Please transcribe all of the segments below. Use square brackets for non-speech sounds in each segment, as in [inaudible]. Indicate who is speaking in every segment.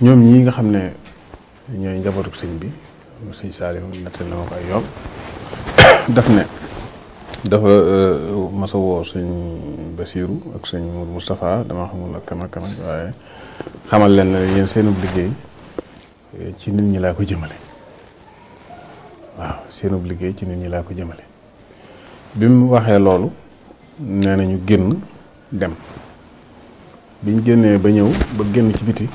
Speaker 1: ñoom ñii nga xam ne ñooy njabootu sëñ bi sëñ Saliou nett na ma ko ay yoon [coughs] daf ne dafa euh, masa woo sëñ Basirou ak sëñ Mour Moustapha dama xamul ak kan ak waaye xamal leen ne yéen seenub liggéey eh, ci nit ñi laa ko jëmale waaw seenub liggéey ci nit ñi laa ko jëmale bi mu waxee loolu nee ñu génn dem biñ génnee ba ñëw ba génn ci biti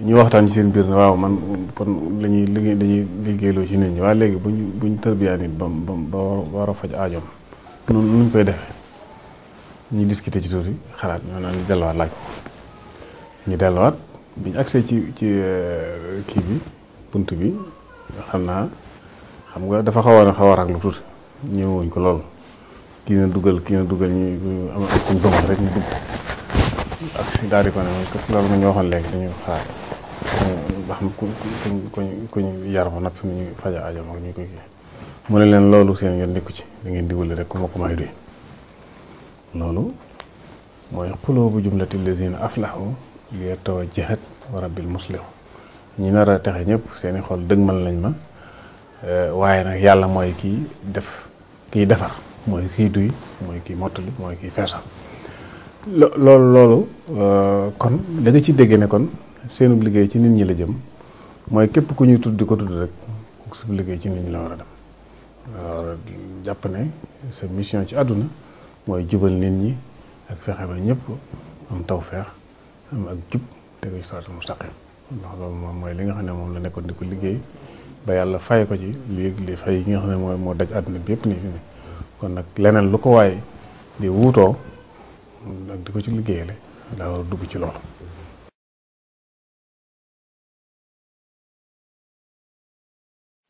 Speaker 1: ñu waxtaan ci seen biir ne waaw man kon lañuy liggéey dañuy liggéeyloo ci nit ñi waaye léegi bu ñu buñ buñ tërbiyaa nit ba ba war a faj aajoom noonu nuñ koy defee ñu discuter ci tuuti xalaat ñoo naan delluwaat laaj ko ñu delluwaat biñ agsee ci ci euh, kii bi bunt bi xam naa xam nga dafa xaw a xaw a rag lu tuuti ñëwuñ ko lool kii na dugal kii na dugal ñu am ak kuñ rek ñu dugg ak si daal ko ne loolu ma ñu waxoon léegi dañuy xaar ba xam ku ku ku ñu yar ba noppi mu ñu faja ajo mag ñu koy kii mu ne leen loolu seen yoon nekku ci da ngeen di wëli rek ku ma ko may duy loolu mooy xuloo bu jumlati lazina aflahu li tawajjahat wa rabbil muslihu ñi nar a texe ñëpp seeni xol dëgmal lañ ma eh, waaye nag yàlla mooy kiy def kiy defar mooy kiy duy mooy kii mottali mooy kii feesal lo loolu loolu euh, kon da ci déggee ne kon seenub liggéey ci nit ñi la jëm mooy képp ku ñuy tudd di ko tudd rek su liggéey ci nit ñi la war a dem jàpp ne sa mission ci àdduna mooy jubal nit ñi ak fexe ba ñëpp am tawfeex am ak jub te ko siraatal mustaqim ndax loolu moom mooy li nga xam ne moom la nekkoon di ko liggéey ba yàlla fay ko ci léegi li fay yi nga xam ne mooy moo daj àdduna bi yëpp nii fi ne kon nag leneen lu ko waaye di wuutoo ak di ko ci liggéeyale daa war a dugg ci loolu.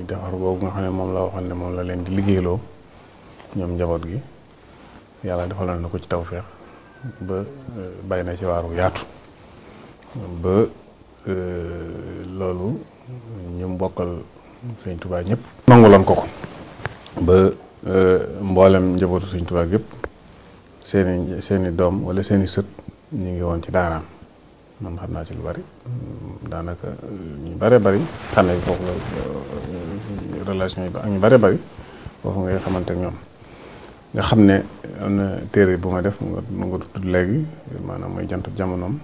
Speaker 1: defar boobu nga xam ne moom la waxoon ne moom la leen di liggéeyloo ñoom njaboot gi yàlla defaloon na ko ci tawféex ba euh, bàyyi na ci waaru yaatu ba euh, loolu ñu mbokkal Sëñ Tuubaa ñëpp nanguloon ko ko ba euh, mboolem njabootu Sëñ Tuubaa yëpp seeni seeni doom wala seeni sët ñu ngi woon ci daaraam man xam naa ci lu bari daanaka ñu bare bari xale yi foofu euh, yi ak ñu bare bari foofu ngay xamante ak ñoom nga xam ne téere bu ma def mu nga tudd léegi maanaam mooy jantub jamonoom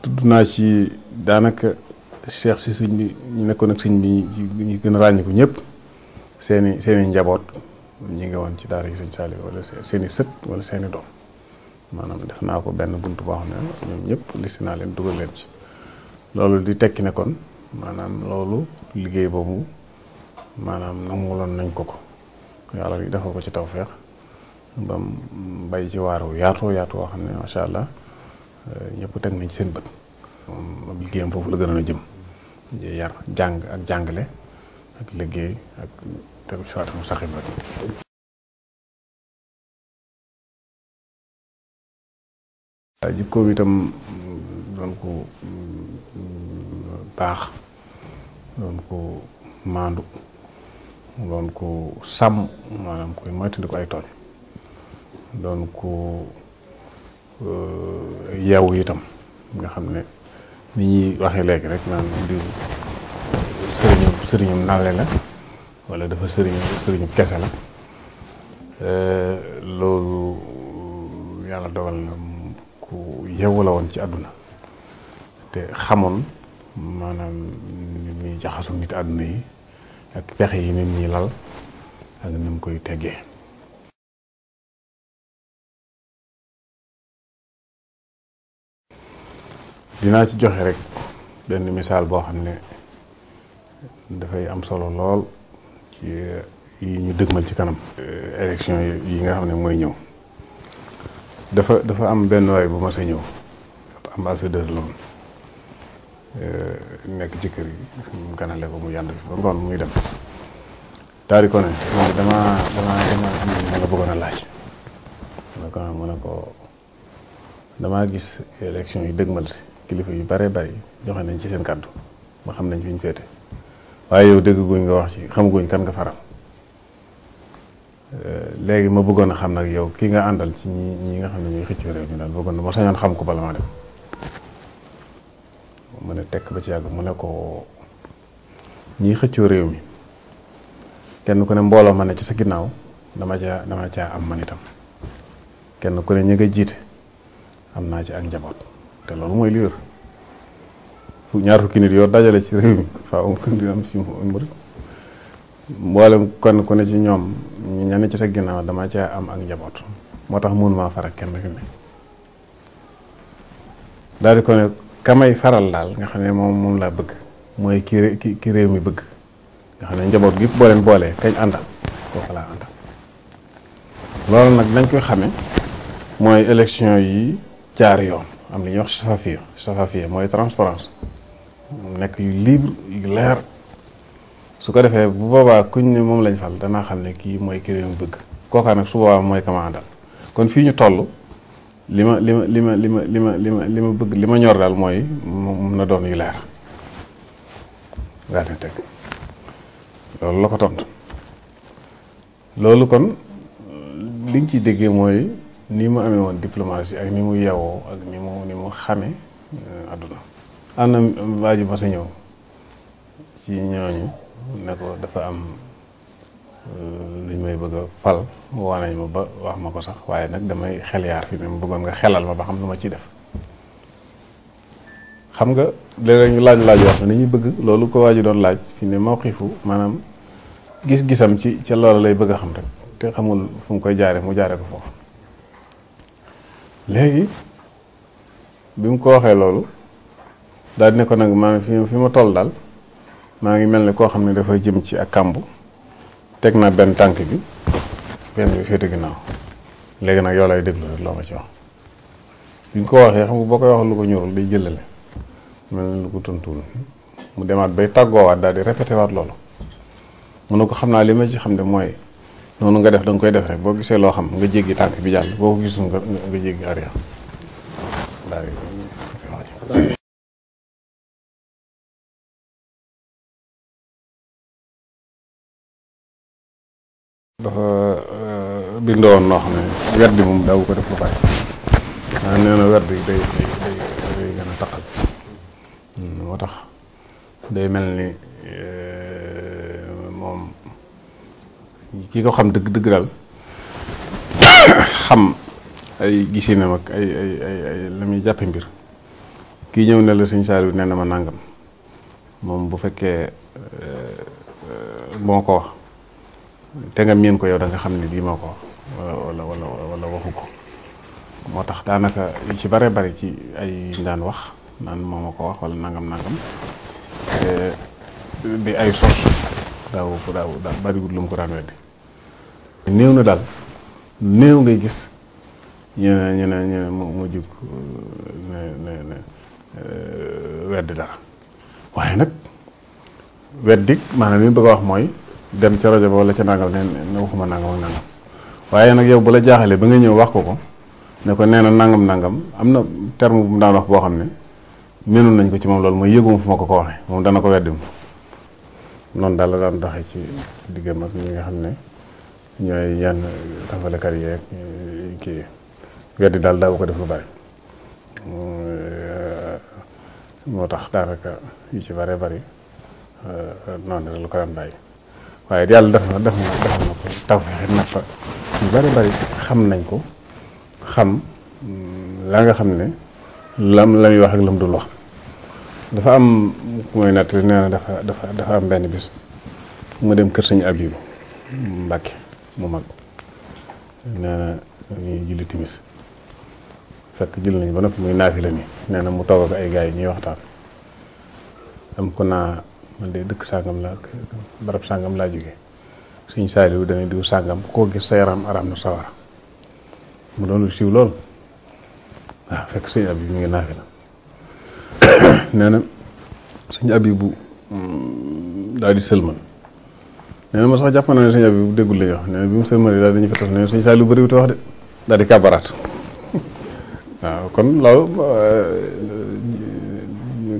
Speaker 1: tudd naa ci daanaka cheikh si sëñ bi ñu nekkoon ak sëñ bi ñu gën a ràññiku ñëpp seeni seeni njaboot ñu ngi woon ci daara yi sëñ Saliou wala seen i sët wala seeni i doom maanaam def naa ko benn bunt boo xam ne ñoom ñëpp lissi naa leen dugal leen ci loolu di tekki ne kon maanaam loolu liggéey boobu maanaam nanguloon nañ ko ko yàlla yi dafa ko ci tawféex ba mu bay ci waaru yaatoo yaatu woo xam ne macha allah eh, ñëpp teg nañ seen bët. moom liggéeyam foofu la gën a jëm yar jàng ak jàngale. ak liggéey ak tegu si waat mu saxi ba waaw jikko bi doon ko mm, baax doon ko maandu doon ko sàmm maanaam koy moytandiku ay tooñ doon ko euh, yeewu itam nga xam ne ni ñuy waxee léegi rek naan diw sëriñu sëriñum nawle la walla dafa sëriñ sëriñu kese la euh, loolu yàlla dogal na ku yewu la woon ci àdduna te xamoon maanaam ni muy jaxasu nit àdduna yi ak pexe yi nit ñi lal ak ni mu koy teggee dinaa ci joxe rek benn misaal boo xam ne dafay am solo lool ci yi ñu dëgmal ci kanam. élection yi nga xam ne mooy ñëw dafa dafa am benn waay bu ma sa ñëw ambassadeur la woon euh, nekk ci kër yi mu ganale ko mu yànd fi ba ngoon muy dem taari ko damaa dama dama dama am nga bëggoon a laaj ma ko mu ne ko damaa gis élection yi dëgmal si kilifa yu bare bari joxe nañ ci seen kàddu ba xam nañ fi ñu féete waaye yow dégg guñ nga wax ci xam guñ kan nga faral euh, léegi ma bëggoon a xam nag yow ki nga àndal ci ñi ñi nga xam ne ñuy xëccoo réew ñu daal bëggoon na ma sañoon xam ko bala ma dem mu ne tekk ba ci yàgg mu ne ko ñiy xëccoo réew mi kenn ku ne mbooloo ma ne ci sa ginnaaw dama caa dama caa am man itam kenn ku ne ñi nga jiite am naa ci ak njaboot te loolu mooy li wér ñaar fukki nit yoo dajale ci réew mi faaw dina am si murit mboolem kon ku ne ci ñoom ñu ñenn ci sa ginnaaw dama caa am ak njaboot moo tax mun maa faral kenn fi mu ne daal di ko kamay faral daal nga xam ne moom moom laa bëgg mooy ki kii réew mi bëgg nga xam ne njaboot gi boo leen boolee kañ àndal kooku laa àndal loolu nag dañ koy xame mooy élection yi jaar yoon am li ñuy wax safafiya safafiya mooy transparence mu nekk yu libre yu leer su ko defee bu boobaa kuñ ne moom lañ fal danaa xam ne kii mooy ki réew mi bëgg kookaa nag su boobaa mooy kamaa dal kon fii ñu toll li ma li ma li ma li ma li ma bëgg li ma ñor daal mooy mu na doon yu leer daal di teg loolu la ko tontu loolu kon li nga ciy déggee mooy ni mu amee woon diplomatie ak ni mu yewoo ak ni mu ni mu xame euh, àdduna am na waa ma sa ñëw ci ñooñu ne ko dafa am euh, liñ may bëgg a fal woo nañ ma ba wax ma ko sax waaye nag damay xel yaar fi ne ma bëggoon nga xelal ma ba xam lu ma ciy def xam nga léeg ñu laaj laaj wax ne ni ñuy bëgg loolu ko waa ji doon laaj fi ne mawqifu maanaam gis-gisam ci ca loola lay bëgg a xam rek te xamul fu mu koy jaare mu jaare ko foofu léegi bi mu ko waxee loolu daal di ne ko nag maa fi fi ma toll daal maa ngi mel ni koo xam ne dafa jëm ci ak kàmb teg naa benn tànk bi benn bi féete ginnaaw léegi nag yow lay déglu rek loo ko waxee xam boo koy wax lu ko ñorul day jëlale mel ne lu ko tontuwul mu demaat bay tàggoowaat daal di répété waat loolu mu ne ko xam naa li ma ci xam ne mooy noonu nga def da koy def rek boo gisee loo xam nga jéggi tànk bi jàll boo ko gisul nga nga jéggi arrière daal dafa euh, bindoo woon noo xam ne wet bi moom daaw ko def lu bari waaye na wet bi day hmm, moo tax day mel ni euh, moom ki ko xam dëgg dëgg daal [coughs] xam ay gisi ak mag ay ay ay la muy jàppe mbir kii ñëw ne la sëñ Saliou nee na ma nàngam moom bu fekkee euh, moo ko wax te nga miin ko yow da nga xam ne lii moo ko wala wala wala waxu ko moo tax daanaka ci bare bari ci ay yuñ daan wax naan moo ma ko wax wala nangam nangam di ay sos daaw ko daaw lu mu ko daan weddi néew na daal néew ngay gis ñu ne ñu ne ñu ne mu euh, dara waaye nag weddi maanaam li mu bëgg a wax mooy dem ca rajo ba wala ca nangam ne ne waxuma nangam ak nangam waaye nag yow bu la jaaxalee ba nga ñëw wax ko ko ne ko nee na nangam nangam am na terme bu mu daan wax boo xam ne mënul nañ ko ci moom loolu mooy yëguma fu ma ko ko waxee moom dana ko weddim noonu daal la daan ci diggam ñi nga xam ne ñooy yenn tafalekat yi ak kii weddi daal daaw ko def lu bari moo tax daanaka yu ci bare bari euh, noonu rek lu ko daan bàyyi. waaye yàlla def na def na def na ko tawfeex nag fa bari bari xam nañ ko xam mm, la nga xam ne lam la muy wax ak lam dul wax dafa am ku may natt nee na dafa dafa am benn bis mu dem kër suñu Abibu Mbàkke mu mag nee na ñuy julli timis fekk julli nañ ba noppi muy naafi la ni nee na mu toog ak ay gaa yi ñuy waxtaan am ko naa man de dëkk sàngam la barab sàngam laa jóge suñ saaliwu dana diw sàngam ko gis sa yaram araam na sawara mu doon lu siiw lool ah fekk sëñ abi mi ngi naafi la [coughs] nee na sëñ abi bu mm, daal di sëlman nee na ma sax jàpp naa ne sëñ abi bu déggul lañu wax nee na bi mu sëlmanee daal dañu fa tas nee sëñ saaliwu bëriwut wax de daal di [laughs] waaw kon loolu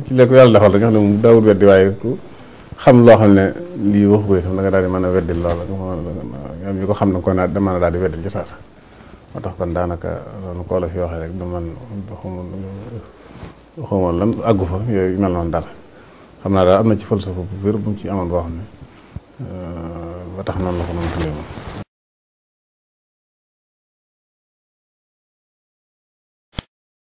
Speaker 1: ci la ko yàlla defal rek nga xam ne moom daawul weddi waaye ku xam loo xam ne lii waxu ko itam da nga daal di mën a weddil loola nga ko xam ne ko naa da a daal di weddil ci sax moo tax kon daanaka loolu koo la fi waxee rek du man xawma lan àggu fa yooyu mel noonu daal xam naa daal am na ci falsafa bu wér bu mu ci amoon boo xam ne euh, ba tax noonu la ko noonu tuddee moom